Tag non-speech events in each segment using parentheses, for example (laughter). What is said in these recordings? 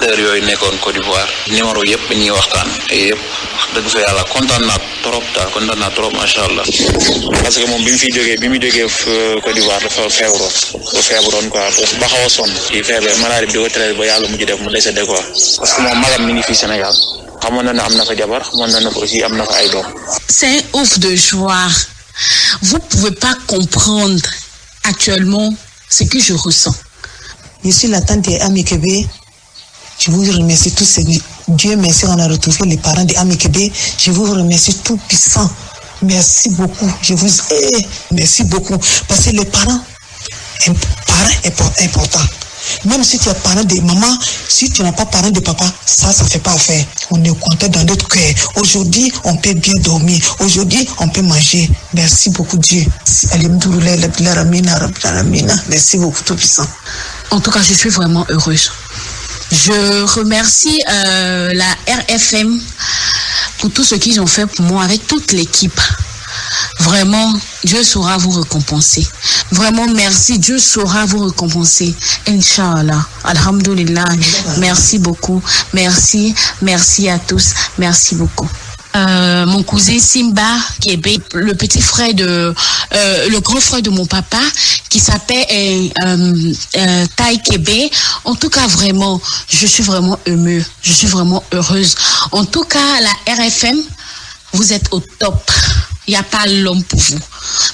acteurs yooyu nekkoon Côte d'Ivoire numéro yëpp ñuy waxtaan yëpp wax dëgg fa yàlla kontaan naa trop daal kontaan naa trop macha allah. parce que moom bi fi jógee bi mu jógee euh, Côte d'Ivoire dafa feebaroon dafa feebaroon quoi ba xaw a sonn kii bi di ko traité ba yàlla mujj def mu décédé quoi parce que moom magam mi ngi fii Sénégal xamoon na ne am na fa jabar xamoon na ne aussi am na fa ay doom. c'est ouf de joie vous pouvez pas comprendre actuellement ce que je ressens. Je suis la tante Ami Je vous remercie tous. Dieu merci, on a retrouvé les parents de Amikebe. Je vous remercie tout puissant. Merci beaucoup. Je vous ai. Merci beaucoup. Parce que les parents, un Même si tu n'as pas parent de papa, ça, ça ne notre cœur. Aujourd'hui, on peut bien dormir. Aujourd'hui, on peut manger. Merci beaucoup, Dieu. Merci beaucoup, Tout-Puissant. En tout cas, je suis vraiment heureuse. Je remercie euh, la RFM pour tout ce qu'ils ont fait pour moi avec toute l'équipe. Vraiment, Dieu saura vous récompenser. Vraiment, merci. Dieu saura vous récompenser. Inch'Allah. Alhamdulillah. Merci beaucoup. Merci. Merci à tous. Merci beaucoup. euh, mon cousin Simba, qui est le petit frère de, euh, le grand frère de mon papa, qui s'appelle euh, euh, euh Tai Kebe. En tout cas, vraiment, je suis vraiment émue. Je suis vraiment heureuse. En tout cas, la RFM, vous êtes au top. Il n'y a pas l'homme pour vous.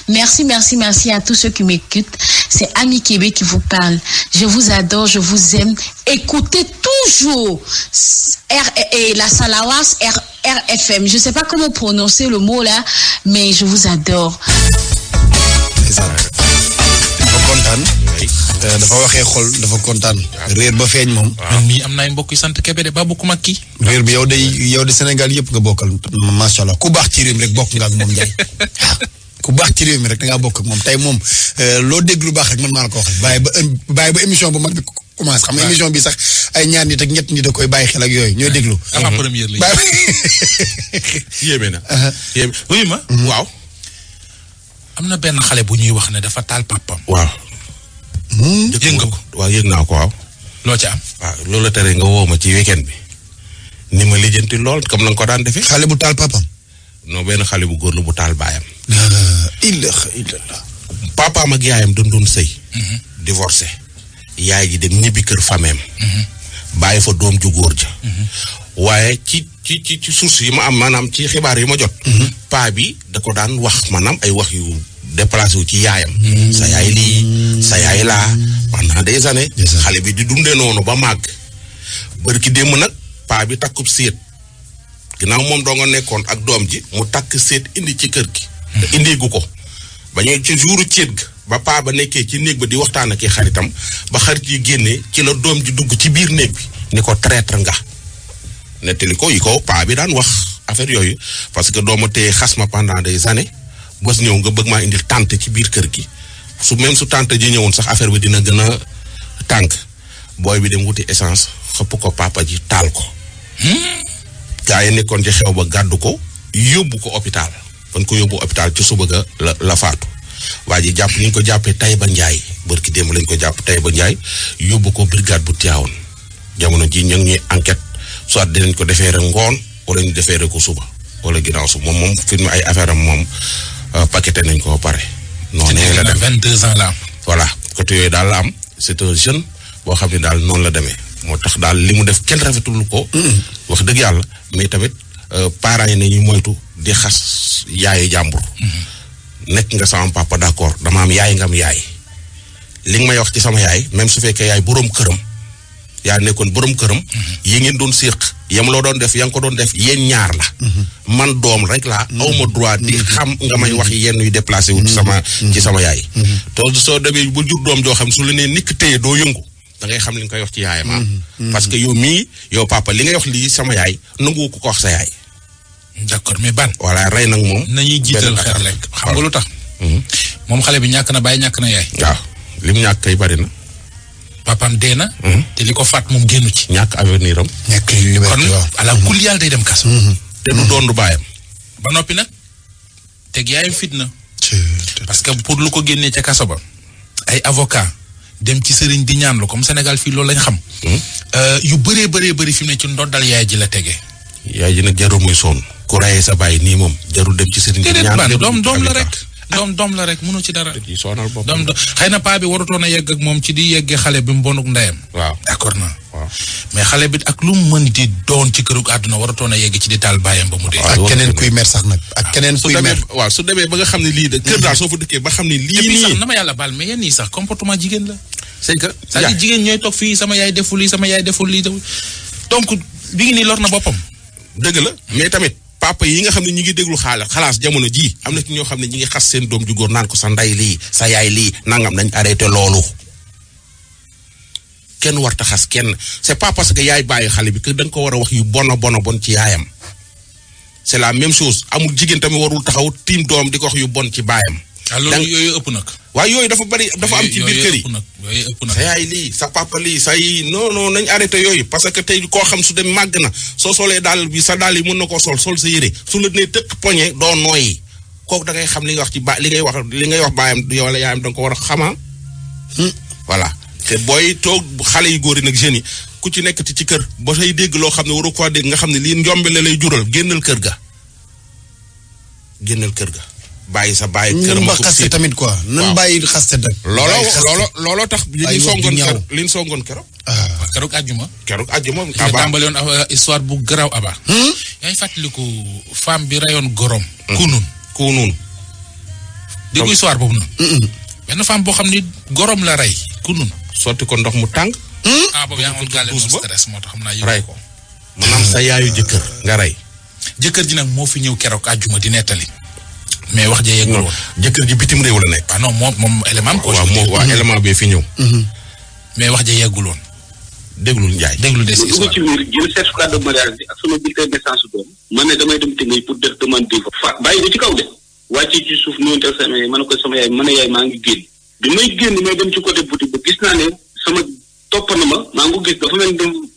Merci, merci, merci à tous ceux qui m'écoutent. C'est Ami Québec qui vous parle. Je vous adore, je vous aime. Écoutez toujours R et la Salawas R, RFM. Je ne sais pas comment prononcer le mot là, mais je vous adore. dafa euh, waxee xol dafa kontaan. réer ba feeñ moom. man am na ay mbokk yu sant Kébé de Babou ki réer bi yow de yow de Sénégal yëpp nga bokkal. macha allah ku baax ci réew mi rek bokk nga ak moom Ndiaye (laughs) ku baax ci réew mi rek da ngaa bokk moom tey moom euh, loo dégg lu baax rek man maa la ko wax bàyyi ba bàyyi ba émission bu mag bi. commencé xam nga émission bi sax ay ñaar nit ak ñett nit da koy bàyyi xel ak yooyu ñoo ah. déglu. avant mhm. première ligne. (laughs) (laughs) yéeme na. Uh-huh. ma. Mhm. waaw. am na benn xale bu ñuy wax ne dafa taal papam waaw. Mhm. yëg nga ko naa ko waaw. loo ci am. loolu la tere nga woo ma ci weekend bi. ni ma lijjanti lool comme na nga ko daan defee. xale bu taal papam non benn xale bu góor la bu taal baayam. illah ak yaayam doon doon sëy. divorcé. yaay ji dem ñibbi kër fameem bàyyi fa doom ju góor ja waaye ci ci ci ci source yi ma am maanaam ci xibaar yi ma jot paa bi da ko daan wax maanaam ay wax yu déplacé wu ci yaayam sa yaay lii sa yaay laa pendant des années xale bi di dundee noonu ba màgg ki démb nag paa bi takkub séet ginnaaw moom doo nga nekkoon ak doom ji mu takk seet indi ci kër gi te indigu ko ba ñuy ci jouru céet ga ba paa ba nekkee ci néeg ba di waxtaan ak xaritam ba xarit yi génnee ci la doom ji dugg ci biir néeg bi ni ko traître nga nettali ko yi ko paa bi daan wax affaire yooyu parce que dooma téye xas ma pendant des années bés ñëw nga bëgg maa indil tante ci biir kër gi su même su tante ji ñëwoon sax affaire bi dina gën a tànk booy bi dem wuti essence xëpp ko papa ji taal ko gaa yi nekkoon ci xew ba gàddu ko yóbbu ko hôpital ban ko yóbbu hôpital ci suba ga la faatu waa ji jàpp ni ko jàppee Taïba Ndiaye bërki démb lañ ko jàpp ba Ndiaye yóbbu ko brigade bu Tivaouane jamono ji ñu ngi ñuy enquête soit dinañ ko defee rek ngoon wala ñu defee rek ko suba wala ginnaaw su moom moom film ay affaire am moom euh, paqueté nañ ko ba pare. noonu la demee vingt deux ans la am. voilà yooyu daal am c'est un jeune boo xam ne daal noonu la demee moo tax daal li mu def kenn rafetul ko. Mm-hmm. wax dëgg yàlla mais tamit euh, parent yi nañu moytu di xas yaayu jàmbur. Mm-hmm. nekk nga sama papa d'accord dama am yaay nga am yaay li nga may wax ci sama yaay même su fekkee yaay boroom këram yaa nekkoon boroom këram. Mhm. yi ngeen doon séq yam loo doon def yaa ngi ko doon def yéen ñaar la. Mhm. man doom rek laa mhm. aw ma droit di xam nga may wax yenn yu déplacé wu. ci sama ci sama yaay. te soo demee bu jur doom joo xam su la nee nikk téye doo yëngu. da ngay xam li nga ko wax ci yaay yaayam ah. parce que yow mii yow papa li ngay wax lii sama yaay nangu ko ko wax sa yaay. d'accord mais ban. voilà rey nag moom. nañuy jiital xeer lekk xam nga lu tax. Mhm. moom xale bi ñàkk na bàyyi ñàkk na yaay. waaw li mu ñàkk kay bari na. papaam dee na. Mhm. te li ko faat moom génn ci. ñàkk avenir am. ñàkk liberté kon ala mhm. kul yàlla day dem kaso. te du doon du bàyyam. ba noppi nag teg yaayam fitna. parce que pour lu ko génnee ca kaso ba. ay avocat dem ci sëriñ di ñaan lu comme Sénégal fii loolu lañ xam. Euh, yu bëree bëree bëri fi mu ne ci ndoddal yaay ji la tege. yaay ji nag jarul muy sonn. ku rayee sa bàyyi nii moom jarul dem ci sëriñ bi ñaan doom doom la rek doom doom la rek mënu ci dara doom doom xëy na paa bi warutoon yegg ak moom ci di yeggee xale bi lu mu mën di doon ci këru àdduna waratoon a yegg ci di taal ba ah. xam ne lii de. kër daal soo fa dëkkee ba xam ne lii nii. sax bi ngi nii lor na boppam. dëgg la mais tamit. papa yi nga xam ne ñi ngi déglu xaala xalaas jamono ji am na ci ñoo xam ne ñi ngi xas seen doom ju góor naan ko sa nday lii sa yaay lii nangam nañ arrêté loolu kenn warta xas kenn c'est pas parce que yaay bàyyi xale bi kër da ko war a wax yu bon a bon ci yaayam c'est la même chose amul jigéen tamit warul taxaw tiim doom di ko wax yu bon ci baayam Ah, loolu yooyu ëpp nag. waaye yooyu dafa bari dafa am ci biir kër yi ëpp nag sa yaay lii sa papa lii sa yi non nañ arrêté yooyu parce que tey koo xam su dem màgg na soo solee daal bi sa daal yi mën na ko sol sol sa yére su la nee tëkk poñe doo nooyi kooku da xam li nga wax ci ba li ngay wax li ngay wax baayam yow la yaayam da nga ko xamaa ah. hmm. voilà te booy toog xale yu góor yi nag jeunes yi ku ci nekk ci kër ba say dégg loo xam ne waru ko dégg nga xam ne li njombe la lay jural génnal kër ga génnal kër ga bàyyi sa bàyyi kër ma xaste tamit quoi nan bàyyi xaste nag looloo looloo tax liñ songoon keroog liñ songoon keroog keroog àjjuma keroog àjjuma aba euh, bu garaaw aba hmm? yaay fàttaliku femme bi rayoon gorom kunun boobu benn femme boo xam ni gorom la rey kunun sotti ko ndox mu tàng hmm? ah moo tax xam naa rey ko maanaam sa yaayu jëkkër nga rey jëkkër ji nag moo fi ñëw keroog àjjuma di nettali mais wax jee yeggul woon. jëkkër ji bitim réew la nekk. waaw ah non moom moom élément. waaw moom waaw élément bee fi ñëw. Mhm. mais wax jee yeggul woon. déglul déglu de mariage bi ak sama bulletin de naissance doom. man ne damay dem Tëngéej pour def demande divorce. fa bàyyi ko ci kaw de. wàcc ci suuf noonu teel sama yaay ma ne sama yaay ma a yaay maa ngi génn. bi may génn may dem ci côté boutique ba gis naa ne sama topp na ma maa ngi ko gis dafa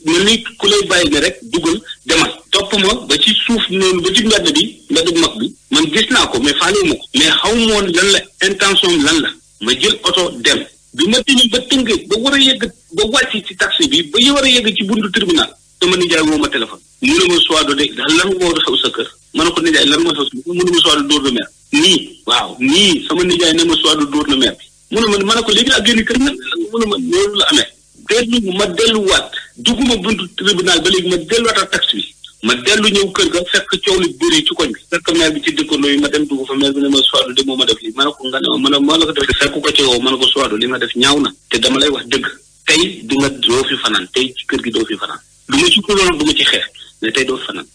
mel ku lay bàyyi rek dugal demal topp ba ci suuf noonu ba ci bi mbedd bu man gis naa ko mais faalewu ma ko mais xaw ma woon lan la intention lan la ma jël oto dem bi ma demee ba tënkee ba war a ci taxi bi ba war a yegg ci buntu tribunal sama nijaay woo ma téléphone mu ne ma soit de daal lan sa kër ma ne ko nijaay lan moo xew ma soit dóor na meer nii waaw nii sama nijaay na ma soit dóor na meer bi mu ne ma ma ne ko léegi laa génn kër nga mu ma loolu la amee. dellu ma delluwaat dugguma buntu tribunal ba léegi ma delluwaat ak taxe bi ma dellu ñëw kër ga fekk coow li bëri ci koñ bi fekk maire bi ci dëkkandoo yi ma dem dugg fa maire bi ne ma suwaadu de ma def lii ma ne ko nga ne ma ma la ko def fekk ko ci yow ma ne ko suwaadu li nga def ñaaw na te dama lay wax dëgg tey di nga doo fi fanaan tey ci kër gi doo fi fanaan du ma ci kuloon du ma ci xeex ne tey doo fi fanaan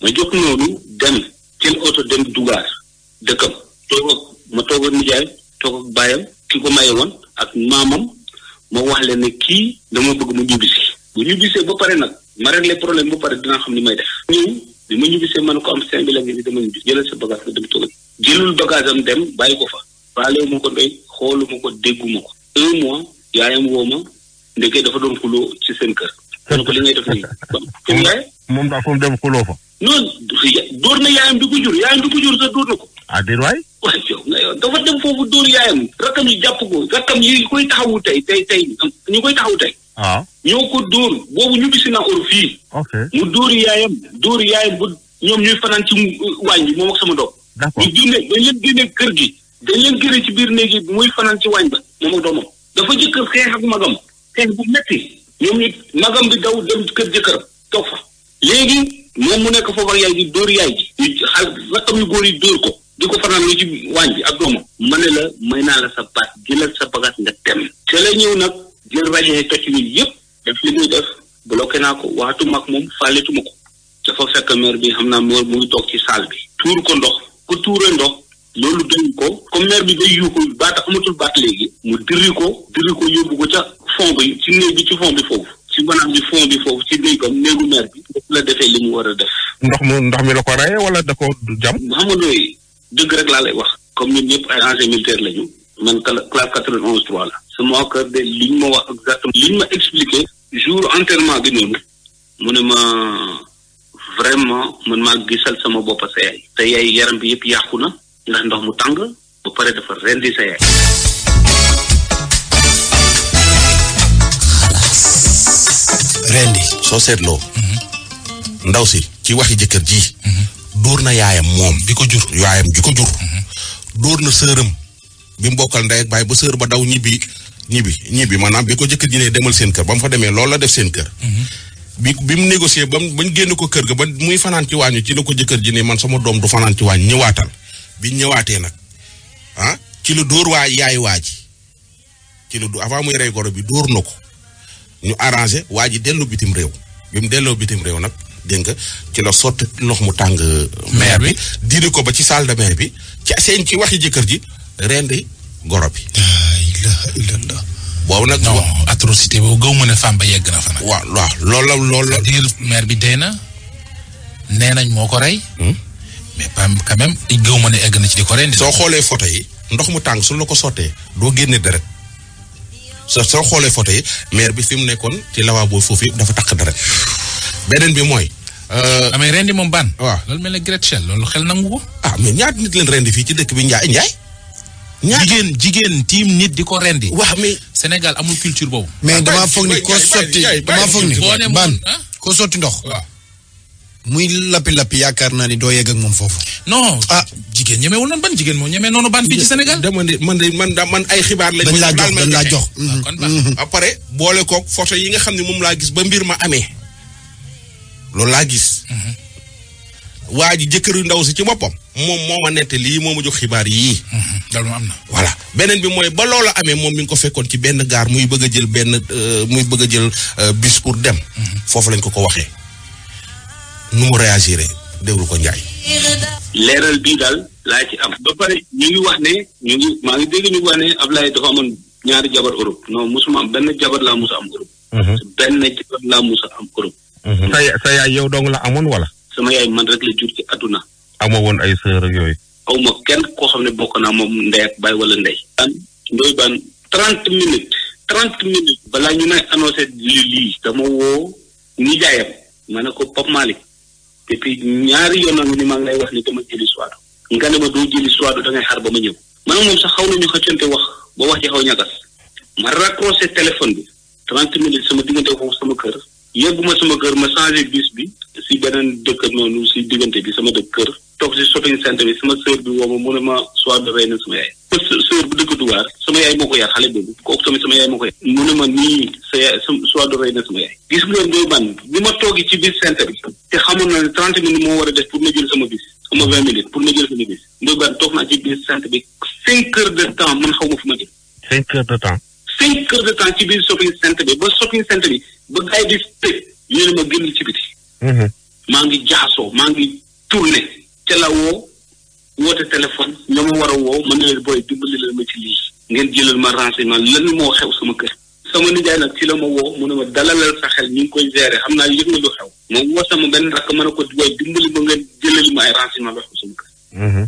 ma jox noonu dem jël oto dem dugaar dëkkam toog ak ma toog ak nijaay toog ak baayam ki ko maye woon ak maamam ma wax leen ne kii dama bëgg mu ñibbisi bu ñibbisee ba pare nag ma réglé problème ba pare dina xam ni may def ñëw bi ma ñibbisee man ne ko am cinq mille ak ni dama ñibbisi jëlal sa bagage nga dem toog jëlul bagage am dem bàyyi ko fa faalewu moom ko doy xoolu ma ko déggu ko un mois yaayam woo ma ndeke dafa doon xuloo ci seen kër kon ko li ngay def nii (laughs) fu mu yaay moom daa fu mu dem xuloo fa non dóor na yaayam bi ko jur yaayam du ko jur sax dóor na ko ah dafa dem foofu dóor yaayam rakkam yi jàpp ko rakkam yi koy taxawu tey tey tey ñu koy taxaw tey. waaw ah. ñoo ko dóor boobu ñu bisi na fii. mu dóor yaayam dóor yaayam ba ñoom ñuy fanaan ci waañ bi moom ak sama doom. d'accord ñu génne kër gi. dañ leen génne ci biir néeg yi muy fanaan ci waañ ba moom ak doomam. dafa jëkkër xeex ak magam. xeex bu metti ñoom ñu magam bi daw dem kër jëkkër toog léegi moom mu nekk foofu ak yaay gi dóor yaay ji. ñu yu góor yi dóor ko. di ko fanaan lu ci waañ bi ak doomam ma la may naa la sa baat jëlal sa bagaas nga dem te la ñëw nag jël rajo technique yëpp def li naa ko waxatuma ak moom fàlletuma ko dafa fekk bi xam naa maire mu toog ci salle bi tuur ko ndox ku tuure ndox loolu doy ko comme maire bi day yuuxu baat amatul baat léegi mu diri ko diri ko yóbbu ko ca fond bi ci néeg bi ci fon bi foofu ci maanaam bi fond bi foofu ci néegam néegu meer bi la defee li mu war a def. ndox mu ndox mi la ko rey wala da ko jam. xam nga dëgg rek laa lay wax comme ñun ñëpp ay ancien militaire la ñu man classe quatre vingt onze trois la sama kër de liñ ma wax exactement liñ ma expliqué jour enterrement bi noonu mu ne ma vraiment ma maa gisal sama bopp sa yaay te yaay yaram bi yëpp yàqu na ndax ndox mu tàng ba pare dafa rendi sa yaay rendi soo seetloo mhm. ndaw si ci waxi jëkkër ji mhm. dóor na yaayam moom bi ko jur yaayam bi ko jur dóor na sëram bi mu bokkal ndey baay ba sër ba daw ñibbi ñibbi ñibbi maanaam bi ko jëkkër ji ne demal seen kër ba mu fa demee loolu la def seen kër bi bi mu négocier ba bañ génn ko kër ga ba muy fanaan ci waañu ci la ko jëkkër ji ne man sama doom du fanaan ci waañ ñëwaatal bi ñëwaatee nag ah ci la dóor waa yaay waa ji ci la avant muy rey goro bi dóor na ko ñu arrangé waa ji dellu bitim réew bi mu delloo bitim réew nag dégg nga ci la sotti ndox mu tàng. maire bi diir ko ba ci salle de maire bi ci seen ci waxi jëkkër ji rendi goro bi. boobu nag. non atrocité boobu gaw ma ne femme ba yegg na fa nag. waaw waaw loolu loolu la. diir maire bi dee na nee nañ moo ko rey. Hmm? mais PAM quand même gaw ma ne egg na ci di ko rendi. soo xoolee photo yi ndox mu tàng su la ko sotee doo génne deret soo soo xoolee photo yi maire bi fi mu nekkoon ci lawaaboo foofu yëpp dafa takk deret. beneen bi mooy. Euh, amee ah, rendi moom ban. waaw loolu mel ne Gretchen loolu xel nangu ko. ah mais ñaata nit leen rendi fii ci dëkk bi Ndiaye Ndiaye. ñaata jigéen jigéen tiim nit di ko rendi. waaw mais Sénégal amul culture boobu. Ah, mais damaa foog ni ko sotti ah? ko sotti ndox. muy lappi lappi yaakaar naa ni doo yegg moom foofu. non ah jigéen ñemewul noonu ban jigéen moom ñeme noonu ban fii ci Sénégal. dama ne man de man man ay xibaar lañ. dañ laa jox dañ laa jox. Mm-hmm. après boole koog photo yi nga xam ne moom laa gis ba mbir ma amee. loolu laa gis. waa ji jëkkër yu ndaw si ci boppam. moom moo ma nette lii moo ma jox xibaar yii. dal mhm. ma am na. voilà beneen bi mooy ba loola amee moom mi ngi ko fekkoon ci benn gaar muy bëgg a jël benn euh, muy bëgg a jël euh, bis pour dem. Mhm. foofu lañ ko ko waxee. nu mu réagir déglu ko njaay leeral bii daal laa ci am. ba pare ñu ngi wax ne ñu ngi maa ngi dégg ñu wax ne Ablaye dafa amoon ñaari jabar Europe non musuma am benn jabar laa musa am Europe. Mhm. benn jabar laa musa am Europe. Mm-hmm. sa sa yaay yow dong la amoon wala. sama yaay man rek la jur ci àdduna. amoo woon ay sœur ak yooyu. aw ma kenn koo xam ne bokk naa moom ndey ak baay wala ndey. an ndoy baan trente minutes. trente minutes. balaa ñu nay annoncé li lii. dama woo nijaayam. ma ne ko Pape Malick. depuis ñaari yoon nga ni maa ngi lay wax ni dama jëli suwaadu. nga ne ma doo jëli suwaadu da ngay xaar ba ma ñëw. man moom sax xaw nañu xëccante wax ba wax ci xaw ñagas. ma raccroché téléphone bi. trente minutes sama diggante foofu sama kër. yëgguma sama kër ma changé bis bi si beneen dëkk noonu si diggante bi sama dëkk kër toog si shopping centre bi sama sœur bi woo ma mu ne ma soit dafay na sama yaay parce que sœur sama yaay moo ko yar xale boobu kooku tamit sama yaay mu ne ma nii sa yaay soit dafay na sama yaay gis ngeen doy bi ma toogi ci bis centre bi te xamoon na ne trente minutes moo war a def pour ma jël sama bis sama vingt minutes pour ma jël sama bis ndoy ban toog naa ci bis centre bi cinq heures de temps man xaw ma fu ma jël cinq heures de temps cinq heures ci biir shopping centre bi ba shopping centre bi ba gars yi di tëj ñu ma génn ci biti. Mhm. maa ngi jaasoo maa ngi tourné ca la woo woote téléphone ñoo ma war a woo ma ne leen booy dimbali leen ma ci lii. ngeen jëlal ma renseignement lan moo xew sama kër. sama nijaay nag ci la ma woo mu ne ma xel ñu ngi koy gérer xam naa yëg xew. moom woo sama benn rakk ma ne ko booy dimbali ma ngeen jëlali ma ay renseignement ba xew sama kër. Mhm.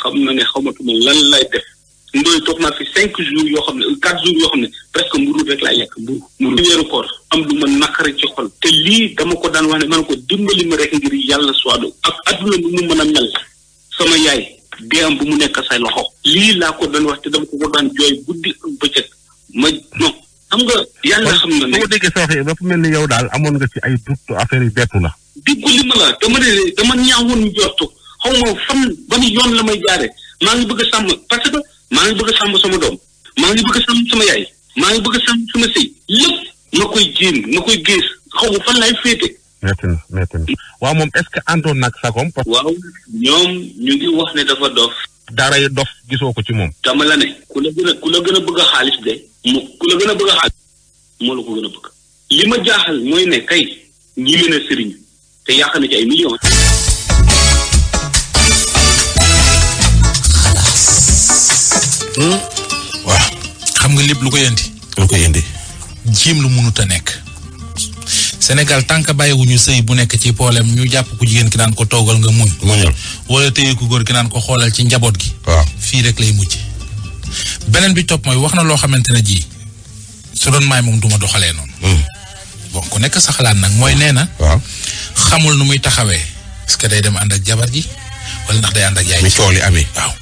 xam na ne xamatuma lan lay def. ndoy toog naa fi cinq jours yoo xam ne quatre jours yoo xam ne presque mburu rek laa yàq mburu mburu lu ma naqari ci xol te lii dama rek ngir yàlla suido ak adduna bu mu mën a mel sama yaay dee am bu mu nekk sa loxo lii laa ko doon wax te dama ko ko daan jooy guddi ak bëccëg ma non xam nga yàlla xam na ne. boo déggee sa waxee dafa mel ni yow daal amoon nga ci ay doute affaire yi bettu la. diggu li ma la dama ne dama ñaawoon njortu xaw ma fan ban yoon la may jaare maa ngi bëgg a maa ngi bëgg a sàmm sama doom maa ngi bëgg a sama yaay maa ngi bëgg a sàmm sama sëy lépp ma koy jéem ma koy gées xaw ma fan laay féete. métti na waaw moom est-ce que àndoon nag sagoom. waaw ñoom ñu ngi wax ne dafa dof. dara yi dof gisoo ko ci moom. dama la ne ku la gën a gën a bëgg a xaalis de mu ku la gën a bëgg a xaalis moo la ko gën a bëgg. li ma jaaxal mooy ne kay ñi mën a sëriñ te yàq na ci ay millions. waaw xam nga lépp lu ko indi. lu koy indi. jiim lu munut a nekk. senegal tànk bàyyiwuñu sëy bu nekk ci problème ñu jàpp ku jigéen ki naan ko toogal nga muñ. muñal wala téye ku góor ki naan ko xoolal ci njaboot gi. waaw fii rek lay mujj. beneen bi topp mooy wax na loo xamante ne jii su doon maay moom du doxalee noonu. Hmm. bon ku nekk sa xalaat nag mooy nee na. waaw xamul nu muy taxawee. est que day dem ànd ak jabar ji wala ndax day ànd ak yaay ji. mi tool yi amee waaw.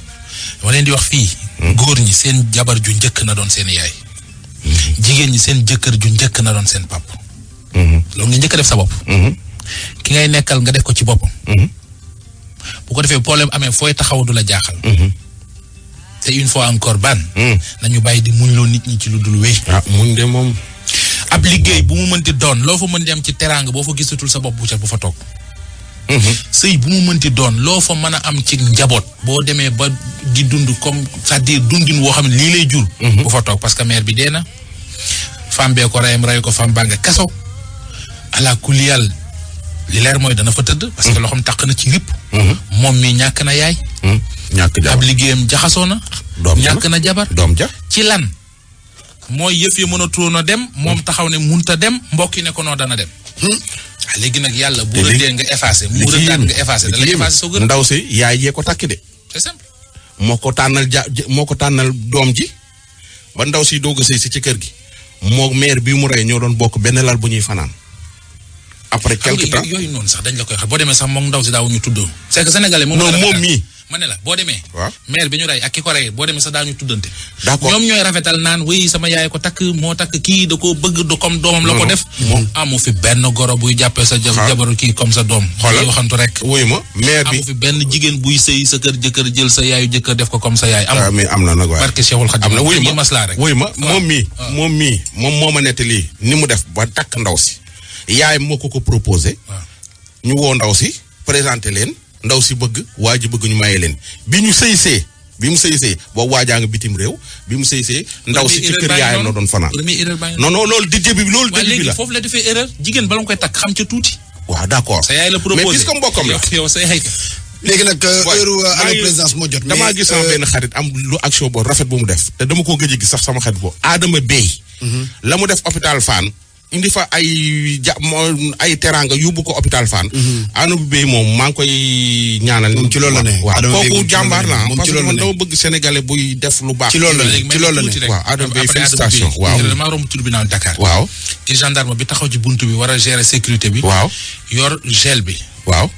dama leen di wax fii góor ñi seen jabar ju njëkk na doon seen yaay. jigéen ñi seen jëkkër ju njëkk na doon seen pàpp loolu nga njëkk def sa bopp. ki ngay nekkal nga def ko ci boppam. bu ko defee problème amee fooy taxaw du la jaaxal. te une fois encore ban. nañu bàyyi di muñ loo nit ñi ci lu dul wéy. ah muñ de moom. ab liggéey bu mu mënti doon loo fa mën dem ci teraanga boo fa gisatul sa bopp bu ca bu fa toog. Mm-hmm. sëy bu mu mënti doon loo fa mën a am ci njaboot boo demee ba di dund comme cest diir dire dundin woo xam ne lii lay jur mm-hmm. bu fa toog parce que mère bi dee na femme bee ko rayam ray ko fam baa nga kaso ala kuliyal leer mooy dana fa tëdd parce que mm-hmm. loo xam taq na ci ripp moom mi ñàkk na yaay ñàkk jabar ab liggéeyam jaxasoo na ñàkk na jabar doom ja ci lan mooy yëf yi mënatuloon a dem moom taxaw ne munta dem mbokki ne ko noo dana dem hmm. léegi nag yàlla bu rëddee nga effacé mu rëddaat a effacé da lay ndaw si yaay jee ko takk de moo ko tànnal ja moo ko tànnal doom ji ba ndaw si doog a sëy si ci kër gi moo maire bi mu rey ñoo doon bokk benn lal bu ñuy fanaan après quelque temps yooyu noonu sax dañ la koy xam boo demee sax moom ndaw si daawuñu tuddoo tudd moom mii ma ne la boo demee. waaw maire bi ñu rey ak ki ko rey boo demee sax daañu tuddante. d'accord ñoom ñooy rafetal naan oui sama yaay ko takk moo takk kii da koo bëgg du comme doomam. la ko def amu fi benn goro buy jàppee sa. Ah. jabaru kii comme sa doom. xoolal waxantu rek. wuyu ma maire bi benn jigéen buy sëy sa kër jëkkër jël sa yaayu jëkkër def ko comme sa yaay. am ah, am na nag waaye barke Cheikhul Khadim am na wuyu ma maslaa rek. wuyu ma moom mii moom mii moom moo ma nettali ni mu def ba takk ndaw si yaay moo ko ko proposé. ñu woo ndaw si présenté leen ndaw si bëgg waa bëgg ñu maye leen bi ñu sëy see bi mu sëy see boobu waajaa nga bitim réew bi mu sëy see ndaw si ci kër yaayam la doon fanaan non non loolu dijje bi loolu dijje bi la foofu la defee erreur jigéen bala nga koy takk xam ca tuuti waaw d'accord sa yaay la proposé mais puisque mbokkam la (laughs) yow sa yaay euh, euh, gis sama euh, benn xarit am lu action boobu rafet bu mu def te dama koo gëj a gis sax sama xarit boobu Adama Bey mhm. la mu def hôpital Fann indi fa ay ja ay teraanga yóbbu ko hôpital Fann. Mhm. Adama Bey moom maa ngi koy ñaanal. moom ci loolu la ne waaw kooku jàmbaar la parce que man dama bëgg sénégalais buy def lu baax. ci loolu la ne ci loolu la ne waaw Adama Bey félicitation waaw. damaa romb tribunal Dakar. waaw ci gendarme bi taxaw ci bunt bi war a gérer sécurité bi. waaw yor gel bi. waaw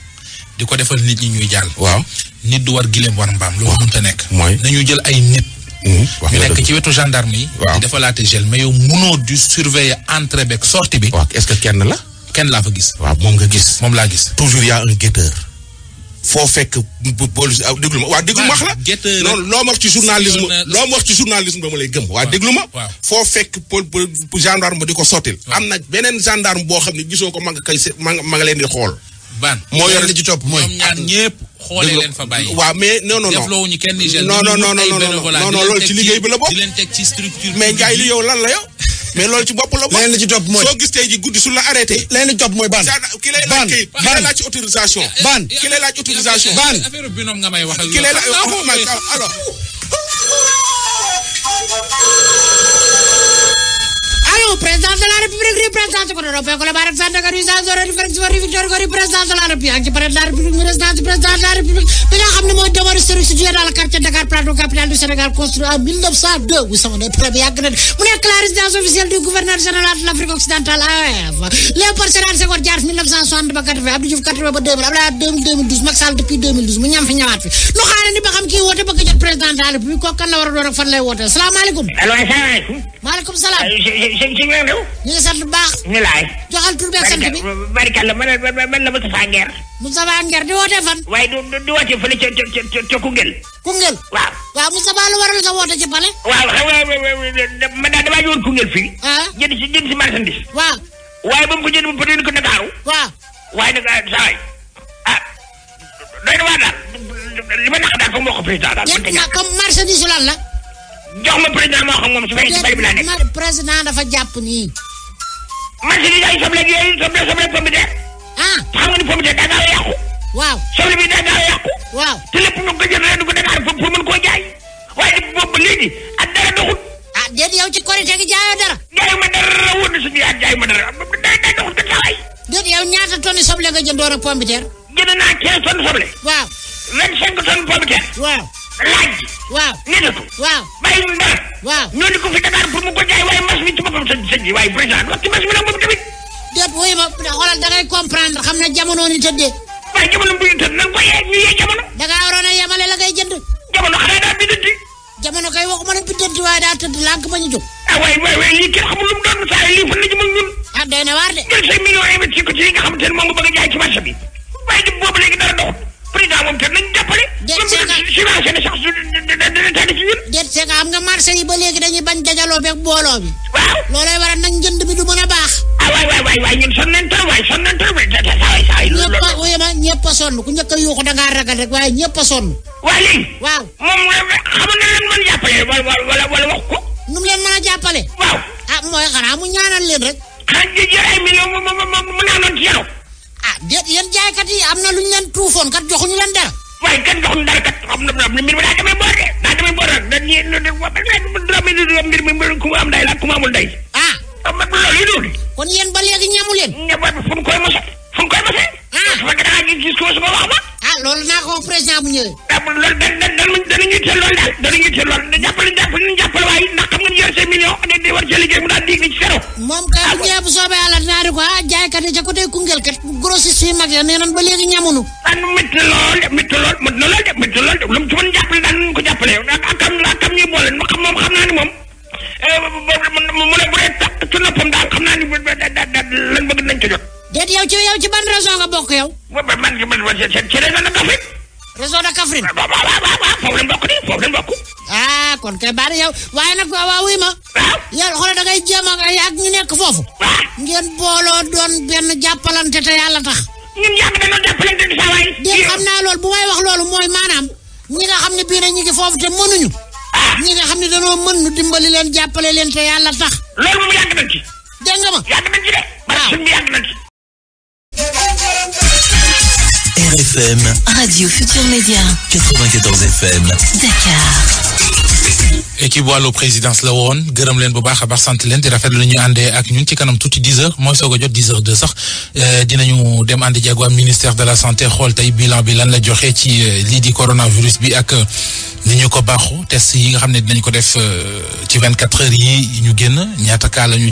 di ko defal nit ñi ñuy jàll. waaw nit du war gileem war mbaam. waaw loolu mënta nekk. mooy nañu jël ay nit. Hmm? ñu nekk ci wetu gendarme yi. waaw di defalaate gel mais yow munoo di surveiller entrée beeg sortie bi. waaw est que kenn la. kenn laa fa gis. waaw moom nga gis. moom laa gis. toujours y a un guetteur. foo fekk bu police ah déglu ma waaw déglu ma wax la. loo ma wax ci journalisme loo ma wax ci journalisme dama lay gëm. waaw déglu ma. waaw foo fekk gendarme di ko sottil. am na beneen gendarme boo xam ne gisoo ko ma nga kay ma nga leen di xool. ban moo yor li ci topp mooy. ñoom xoolee leen fa bàyyi. waaw mais non non non defloo ci liggéey bi la bokk. di li yow lan la yow. mais ci bopp la bokk. ci topp mooy soo gis guddi su la arrêté. ci topp mooy ban. ki lay laaj kayit ki lay laaj autorisation. Eh, eh, ban eh, ki lay laaj autorisation. ban affaire bi noonu nga may wax. ki (laughs) Barroso, président de la République représenté ko doon fekk la Baara Sane Dakar huit cent zéro président de la République ak ci président de la République résidence président de la République bi nga xam ne mooy demeure service situé dans le quartier Dakar Plateau capitale du Sénégal construit en 1902 wu sama ne problème yàgg na mu nekk la résidence officielle du gouverneur général de l'Afrique occidentale eh, AOF Léopold Sédar Senghor jaar 1960 ba 80 Abdou Diouf 80 ba 2000 Abdoulaye 2012 Macky Sall depuis 2012 mu ñam fi ñëwaat fi lu xaare ni ba xam kii woote ba ko jot président de la République kooku kan la war a doon ak fan lay woote salaamaaleykum. allo asalaamaaleykum. maaleykum salaam. ci nga réew. ñu ngi sant bu baax. ñu laay. joxal tur beeg sant bi barikalla man la Moustapha Nguer. Moustapha Nguer di woote fan. waaye du du woote fële ca ca ca Koungheul. Koungheul. waaw. waaw Moustapha lu waral sa woote ci pale. waaw xam nga man daal damaa ñëwoon Koungheul fii. Ah. jënd si jënd si marchandise. waaw. waaye ba mu ko jënd mu pëtoon ko Ndakaaru. waaw. waaye nag ah, saa yi ah doy na waar daal li ma naq daal comme moo ko président daal. comme marchandise lan la. jox ma président moo xam moom su fekkee ci bari dafa jàpp nii. marché bi jaay soble yooyu soble soble pomme de ah. ni pomme de a yàqu. waaw soble bi daa gaaw a yàqu. waaw te lépp nu ko jël ren ko Dakar pour mën jaay waaye di boobu léegi ak dara doxul. ah déedéet yow ci korite gi jaayoo dara. jaayu ma dara wóor na suñu yaay jaayu ma dara day day doxul gën saa waay. ñaata tonnes soble waaw 25 tonnes pomme de terre. waaw laaj. waaw ñu ko. waaw bàyyi mu waaw ñoo di ko fi Dakar pour mu ko jaay waaye mas mi ci boppam sa sa ji waaye président wax ci mas mi la moom tamit. da ngay comprendre xam ne jamono ni tëddee. waaye tëdd na nga ko yee ñu yee jamono. da ngaa waroon a yemale la ngay jënd. jamono xale daa biddanti. jamono kay waxuma ne biddanti waaye daa tëdd lànk ba ñu jóg. ah waay waay lii kenn xamul lu doon saa yi lii fan la jëmal ñun. ah day na waar de. jël say millions investi ko a jaay ci marché bi waaye di boobu dara dox président moom tam nañu jàppale. déet see nga xam nga marché yi ba léegi dañuy bañ dajaloo beeg booloo bi. waaw loolay waral nag njënd du mën a baax. ah waay waay waay waay ñun sonn nañ trop waay sonn nañ trop waay saa waay saa waay. loolu la ñëpp a ñëpp a sonn ku njëkk a yuuxu da ngaa ragal a na leen mën jàppale wala wala wax ko. nu mu leen a jàppale. waaw ah mooy xanaa mu ñaanal leen rek. xanaa jël ay millions mu mu mu mu naanoon ci yow. déet yéen jaaykat yi am na lu ñu leen tuufoon kat joxuñu leen dara. waaye kat joxuñu dara kat am na am na mbir mi daa demee boor de daa demee boor nag dañ ñii lu dul mbir mi ku mu am day la ku day. ah am na loolu yu dul. kon yéen ba léegi ñamu leen. ñebe fu mu koy mos a fu mu koy mos a. ah su fekkee da ngaa gis ko su ko wax ñëwee. amul lan lan lan lan danañu itteel lool daal danañu itteel lool da jàppale jàppale ñu jàppale waaye ndax xam nga ñu yor seen million dañ di war ci liggéey mu daal di ci sero moom kay bu ñëwee bu soobee yàlla dinaa di ko ah jaaykat yi ca côté Koungheul kat grossiste yi mag ya nee nañ ba léegi ñamunu an métti lool de métti lool mën na lool de métti lool de lu mu ci mën jàppale daal nañu ko jàppale ak am ak am ñuy boole xam moom xam naa ni moom mu ne bu dee tax ci noppam daal xam naa ni lan bëgg nañ ko jot déet yow ci yow ci ban raison nga bokk yow man man ci réseau de Kaffrine. waaw waaw foofu lañ bokk de foofu lañ bokk. ah kon kay bari yow waaye nag waaw wuy ma. waaw yow xoolal da ngay jéem ak ñu nekk foofu. waaw ngeen booloo doon benn jàppalante te yàlla tax. ñun yàgg nañoo jàppalante di saa na te mënuñu. Ah. ñi xam ne dañoo mën dimbali leen jàppale leen yàlla tax. loolu moom yàgg nañ ci. dégg nga ma yàgg nañ ci de. waaw suñu yàgg nañ ci. FM. Radio Futur Média. 94 FM. Dakar. équipe wàllu présidence la woon gërëm leen bu baax a baax sant leen di rafetlu ñu àndee ak ñun ci kanam tuuti heures mooy soog a jot 10 heures deux sax euh, dinañu dem ànd jéego am ministère de la santé xool tey bilan bi lan la joxe ci euh, lii di coronavirus bi ak euh, ni ñu ko baaxu test yi nga xam ne dinañ ko def ci 24 heures yi ñu génn ñaata cas la